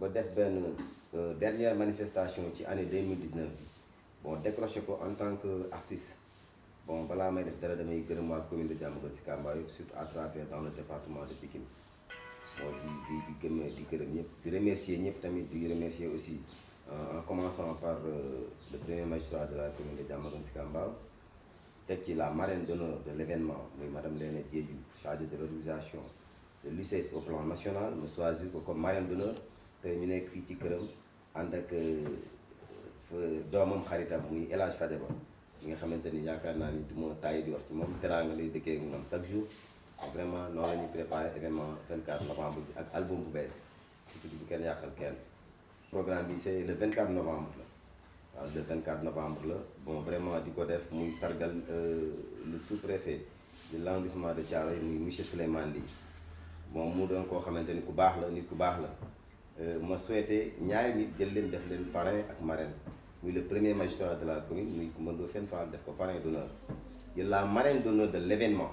ba def benn euh, dernière manifestation ci année 2019 bi bon décroché ko en tant que artiste bon balaa may def dara damay gërëm commune de Diamaguène Sicap Mbao surtout à travers dans le département de Pikine bon di di di di gërëm remercier ñëpp tamit di remercier aussi euh, en commençant par euh, le premier magistrat de la commune de Diamaguène Sicap Mbao c'est qui la marraine d'honneur de l'événement mais madame Léna Diédhiou chargée de l'organisation de l'UCS au plan national me choisir choisie comme marraine d'honneur te ñu nekk fii ci këram ànd ak euh, doomam xaritam muy El Hadj Fadeba nga xamante ni yaakaar naa ni du ma taay di wax ci moom teraanga lay dëkkee moom chaque jour vraiment noonu la ñuy préparé événement 24 novembre bi ak album bu bees ci bu kenn yàqal kenn programme bi c'est le 24 novembre la waaw le 24 novembre la bon vraiment di ko def muy sargal euh, le sous-préfet de l'arrondissement de Thiaroye muy monsieur moom mu doon koo xamante ni ku baax la nit ku baax la Euh, ma souhaité ñaari nit jël leen def leen parrain ak marraine muy le premier magistrat de la commune muy Coumba Ndoffène Fall def ko parrain d'honneur jël la marraine d'honneur de l'événement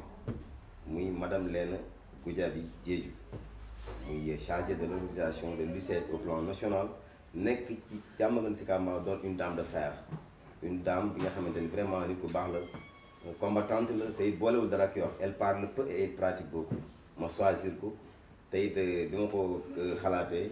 muy madame Léna Goudiaby Diédhiou muy chargé de l'organisation de l'UCED au plan national nekk ci Diamaguène Sicap Mbao doon une dame de fer une dame bi nga xamante ni vraiment nit ku baax la combattante la tey boolewul dara ki wax elle parle peu et pratique beaucoup ma choisir ko tey it euh, bi ma ko euh, xalaatee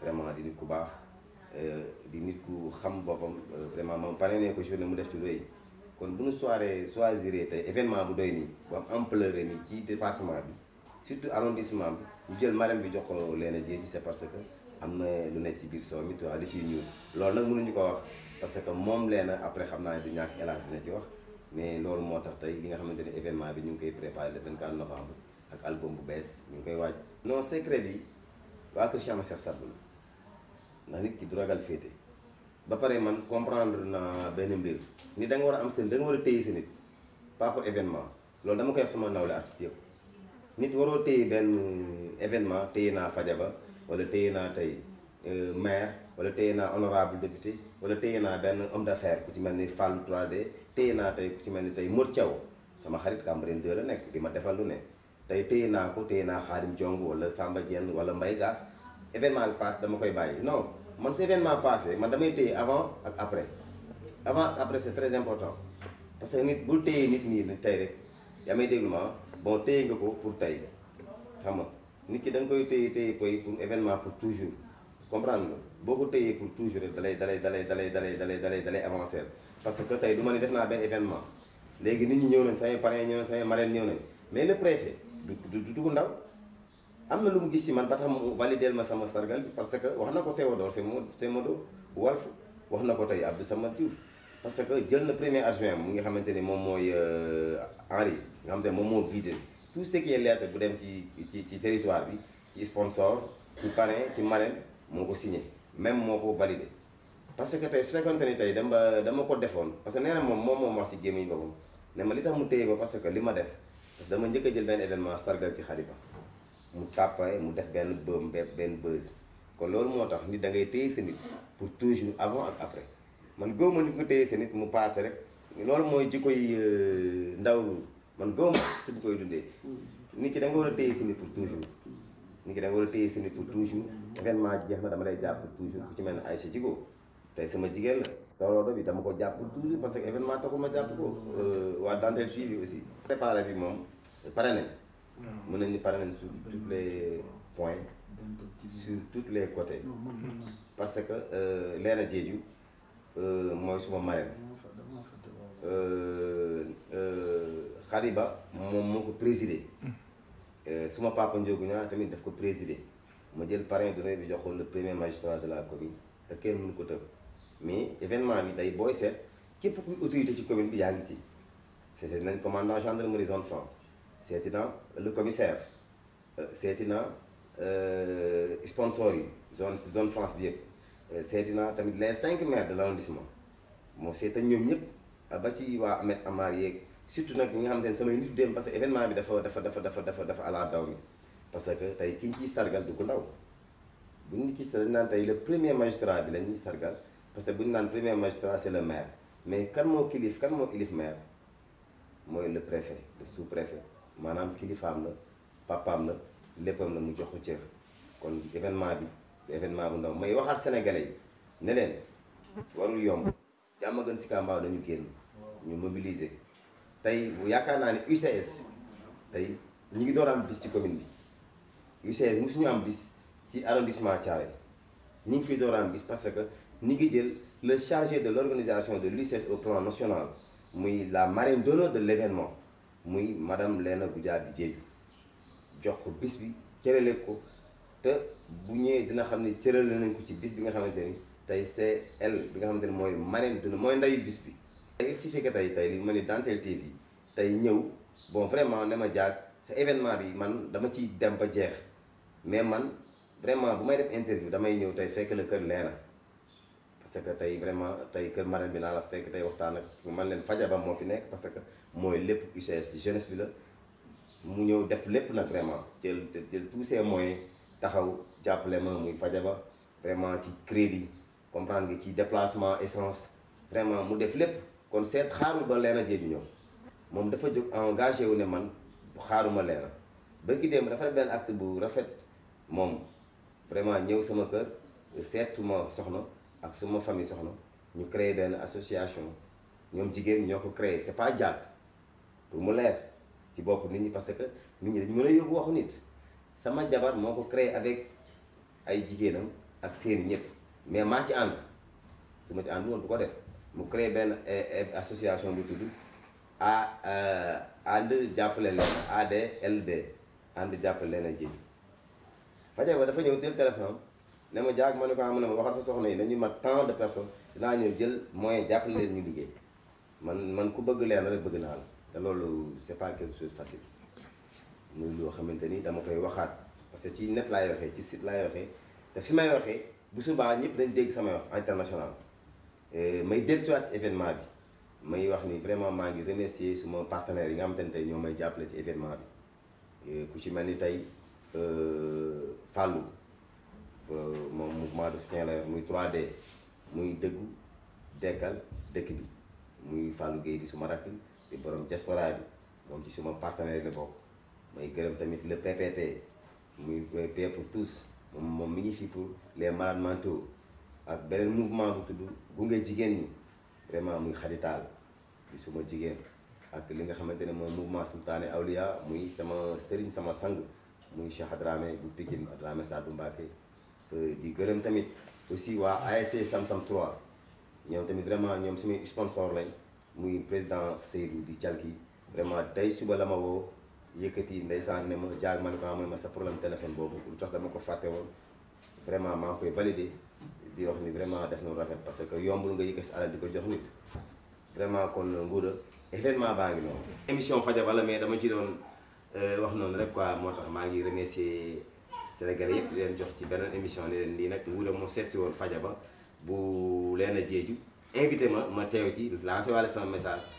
vraiment di nit ku baax euh, di nit ku xam bopam euh, vraiment man pare nee ko journée mu def ci lu kon buñu soirée choisir tay événement bu doy ni bu am ampleur ni ci département bi surtout arrondissement bi ñu jël marraine bi jox ko Léna Dièye c'est parce que am na lu ne ci biir soo mi tuuti li ciy ñuul loolu nag mënuñu ko wax parce que moom leena après xam naa du ñàkk élage dina ci wax mais loolu moo tax tey li nga xamante ne événement bi ñu ngi koy préparé le 24 novembre ak album bu bees ñu ngi koy waaj. non secret bi waa Kër Cheikh Massar Sadouna. ndax nit ki du ragal féete ba pare man comprendre naa benn mbir ni da war a am seen da nga war a téye sa nit pas pour événement loolu dama koy wax sama nawle artiste yëpp nit waroo téye benn événement téye naa Fadiaba wala téye naa tey euh, maire wala téye naa honorable député wala téye naa benn homme d'affaires ku ci mel ni Fallou 3D téye naa tey ku ci mel ni tey Modou Thiaw sama xarit Cambérène 2 la nekk di ma defal lu ne tey téye naa ko téye naa Xaadim Jong wala Samba Dieng wala Mbaye Gass événement dama koy bàyyi non man su événement passé man damay téye avant ak après avant après c'est très important parce que nit bul téye nit ni tey rek yaa may déglu ma bon téye nga ko pour tey xam nga nit ki da nga koy téye téye koy pour événement pour toujours comprendre nga boo ko téyee pour toujours rek dalay dalay dalay dalay dalay dalay dalay dalay avancer parce que tey du ma ne def naa benn événement léegi nit ñi ñëw nañ samay parrains ñëw nañ samay marraines ñëw nañ mais le préfet du du du ndaw. am na lu mu gis si man ba tax mu validel ma sama sargal bi parce que wax na ko Théodore Semodo Walf wax na ko tey Abdou sama Diouf parce que jël na premier adjoint mu nga xamante ni moom mooy euh, Henri nga xamante ne moom moo visé tout ce qui bu dem ci ci ci territoire bi ci sponsor ci parrain ci marraine moo ko signé même moo ko validé parce que tey su fekkonte ni tey dama dama ko defoon parce que nee moom moom moom wax ci gémmiñ boppam ne ma li tax mu téye ko parce que li ma def parce que dama njëkk a jël benn événement sargal ci xalifa mu tàppaay mu def benn bëm benn buzz kon loolu moo tax nit da ngay téye sa nit pour toujours avant ak après man góob ma nit nga téye sa nit mu paase rek loolu mooy jikko yi euh, ndaw man góob ma si bu koy dundee mm-hmm. nit ki da nga war a téye sa nit pour toujours nit ki da nga war a téye sa nit pour toujours événement jeex na dama lay jàpp pour toujours ku ci mel ne Aïcha Djigo tey sama jigéen la tooloodo bi dama ko jàpp toujours parce que événement taxul ma jàpp ko euh, waa Dantale TV aussi préparé bi moom pare nañ mën nañu pare nañ sur tous les points sur tous les côtés parce que euh, Leena Diédhiou euh, mooy suma marraine Xariba euh, moom moo ko présidé suma papa Ndiogou Niang tamit daf ko présidé ma jël parrain d'honneur bi jox le premier magistrat de la commune te kenn mënu ko tëb mais événement bi day booy seet képp kuy autorité ci commune bi yaa ngi ci c'est nañ commandant gendarmerie zone France seeti le commissaire euh, seeti euh, sponsor, zone zone France bi yëpp euh, tamit les 5 maires de l'arrondissement. arrondissement moo seetal ñoom ñëpp ah, ba ci wa Ahmed Amar yeeg surtout nag ñi nga xamante ne samay nit dem parce que événement bi dafa dafa dafa dafa dafa dafa ala daw mi parce que tay kiñ ci sargal du ko ndaw bu ñu ciy sargal naan tey le premier magistrat bi la sargal parce que bu ñu premier magistrat c'est le maire mais kan mo kilif kan mo ilif maire moy le préfet le sous préfet manam kilifam la papam la léppam la mu jox ko cër kon événement bi événement bu ndaw may waxal sénégalais yi ne leen warul yomb jàmm gën si dañu génn ñu mobiliser tay bu yakarna ni UCS tay ñi ngi door am bis ci commune bi UCS mosuñu am bis ci arrondissement Thiaroye ñu ngi fi door am bis parce que ñu ngi jël le chargé de l'organisation de l'UCS au plan national muy la marraine d'honneur de l'événement. muy madame Léna Goudiaby Dièye jox ko bis bi cërale ko te bu ñëwee dina xam ne cërale nañ ko ci bis bi nga xamante ni tey c'est bi nga xamante ni mooy marraine dina mooy ndayu bis bi. tey si fekk tey tey li ma ne Dentale TV tey ñëw bon vraiment ma jaar sa événement bi man dama ciy dem ba jeex mais man vraiment bu may def interview damay ñëw tey fekk la kër Léna. parce que tey vraiment tey kër marraine bi naa la fekk tey waxtaan ak man leen faja ba moo fi nekk parce que mooy lépp UCS ci jeunesse bi la mu ñëw def lépp nag vraiment jël jël tous ces mooy taxaw jàppale ma muy faja ba vraiment ci crédit comprendre nga ci déplacement essence vraiment mu def lépp kon seet xaarul ba Leena Dièye ñëw moom dafa jóg engagé wu ne man bu xaaruma Leena bërki démb dafa def benn acte bu rafet moom vraiment ñëw sama kër seetuma soxna ak suma famille soxna ñu créé benn association ñoom jigéen ñoo ko créé c'est pas jàpp pour mu leer ci bopp nit ñi parce que nit ñi dañ mën a yóbbu waxu nit sama jabar moo ko créé avec ay jigéenam ak seeni ñëpp mais maa ci ànd su ma ci ànd woon du ko def mu créé benn eh, eh, association bi tudd a ànd jàppale leen ADLD ànd jàppale leen a ji fajar ba dafa ñëw jël téléphone ne ma jaag ma ne ko am ah, na ma waxal sa soxna yi nañu mat tant de personnes dinaa ñëw jël moyen jàppale leen ñu liggéey man man ku bëgg leen rek bëgg naa la te loolu c'est pas quelque chose facile muy loo xamante ni dama koy waxaat parce que ci net laay waxee ci site laay waxee te fi may waxee bu subaa ñëpp dañ dégg samay wax international may dellusiwaat événement bi may wax ni vraiment maa ngi remercier suma partenaires yi nga xamante ne tey ñoo may jàppale ci événement bi ku ni tey euh, Fallou moom mouvement de soutien la yor muy 3D muy dëggu dekkal dëkk bi muy Fallou Gueye di suma rakk di borom diaspora bi moom ci suma partenaire la bokk may gërëm tamit le PPT muy P tous moom moom mi ngi fi pour les malades mentaux ak beneen mouvement bu tudd gunge jigéen ñi vraiment muy xaditaal di suma jigéen ak li nga xamante ne mooy mouvement sultaane lia muy sama sëriñ sama sang muy Cheikh Adramé bu Pikine Adramé Sadou Mbacké Euh, di gërëm tamit aussi waa ASC Samsam 3 ñoom tamit vraiment ñoom suñuy sponsor lañ muy président Seydou di Calki vraiment tey suba la ma woo yëkkati ndeysaan ne ma ko am ah, ko ma sa problème téléphone boobu lu tax dama ko fàtte woon vraiment maa ngi koy validé di wax ni vraiment def na rafet parce que yombul nga yëkkati alal di ko jox nit vraiment kon nguura événement baa ngi noonu émission fajar wala mais dama ci doon euh, wax noonu rek quoi moo tax maa ngi remercier C'est que émission les invité ma ma message